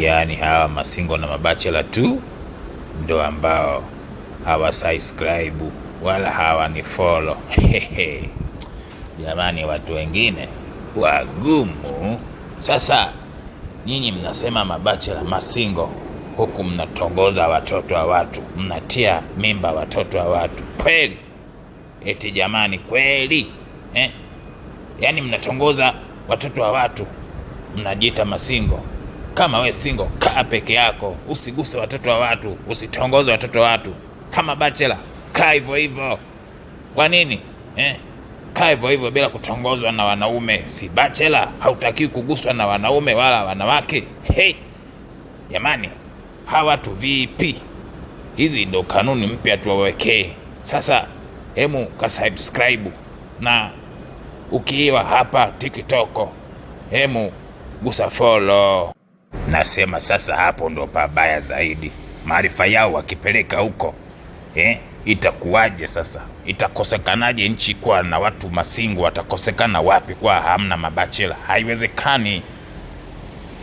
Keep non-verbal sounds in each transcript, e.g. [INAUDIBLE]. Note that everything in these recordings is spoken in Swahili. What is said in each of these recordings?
yaani hawa masingo na mabachela tu ndo ambao hawasubscribe wala hawani follow. [LAUGHS] Jamani, watu wengine wagumu. Sasa nyinyi mnasema mabachela masingo, huku mnatongoza watoto wa watu, mnatia mimba watoto wa watu kweli? Eti jamani, kweli eh? Yaani mnatongoza watoto wa watu mnajiita masingo. Kama we single, kaa peke yako, usiguse watoto wa watu, usitongoze watoto wa watu. Kama bachela, kaa hivyo hivyo. Kwa nini eh? Kaa hivyo hivyo bila kutongozwa na wanaume. Si bachela, hautakiwi kuguswa na wanaume wala wanawake. Hey jamani, hawa watu vipi? Hizi ndo kanuni mpya tuwawekee sasa. Hemu kasubscribe na ukiwa hapa TikTok hemu gusa follow. Nasema sasa hapo ndo pabaya zaidi. Maarifa yao wakipeleka huko eh, itakuwaje sasa? Itakosekanaje nchi kwa na watu masingo watakosekana wapi kwa hamna mabachela? Haiwezekani.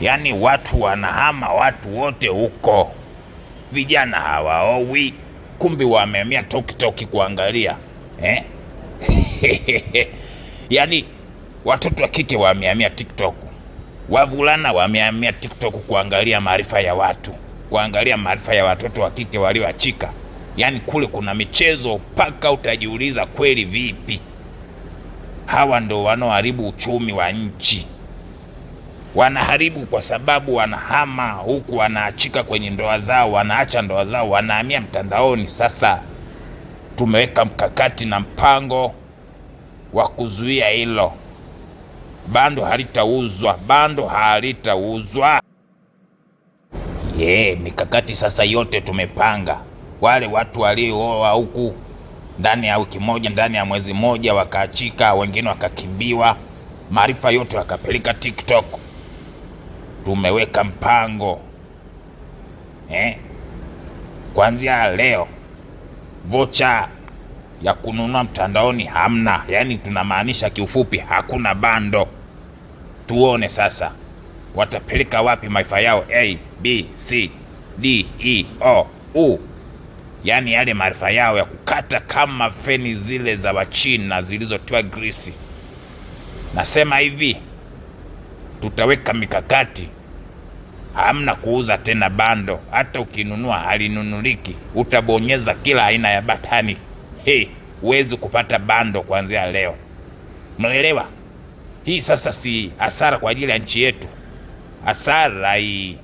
Yaani watu wanahama, watu wote huko, vijana hawaowi, kumbi wamehamia tokitoki kuangalia eh? [LAUGHS] Yaani watoto wa kike wamehamia TikTok. Wavulana wamehamia TikTok kuangalia maarifa ya watu, kuangalia maarifa ya watoto wa kike walioachika. Yaani kule kuna michezo mpaka utajiuliza kweli vipi? Hawa ndo wanaoharibu uchumi wa nchi. Wanaharibu kwa sababu wanahama huku, wanaachika kwenye ndoa zao, wanaacha ndoa zao, wanahamia mtandaoni. Sasa tumeweka mkakati na mpango wa kuzuia hilo bando halitauzwa, bando halitauzwa. Ye, mikakati sasa yote tumepanga. Wale watu waliooa huku ndani ya wiki moja, ndani ya mwezi moja wakaachika, wengine wakakimbiwa, maarifa yote wakapeleka TikTok. Tumeweka mpango eh, kuanzia leo vocha ya kununua mtandaoni hamna, yaani tunamaanisha kiufupi hakuna bando. Tuone sasa watapeleka wapi maifa yao A, B, C, D, E, O, U, yaani yale maarifa yao ya kukata kama feni zile za Wachina zilizotiwa grisi. Nasema hivi, tutaweka mikakati hamna kuuza tena bando. Hata ukinunua halinunuliki, utabonyeza kila aina ya batani hey, huwezi kupata bando kuanzia leo. Mnaelewa? Hii sasa si hasara kwa ajili ya nchi yetu, hasara hii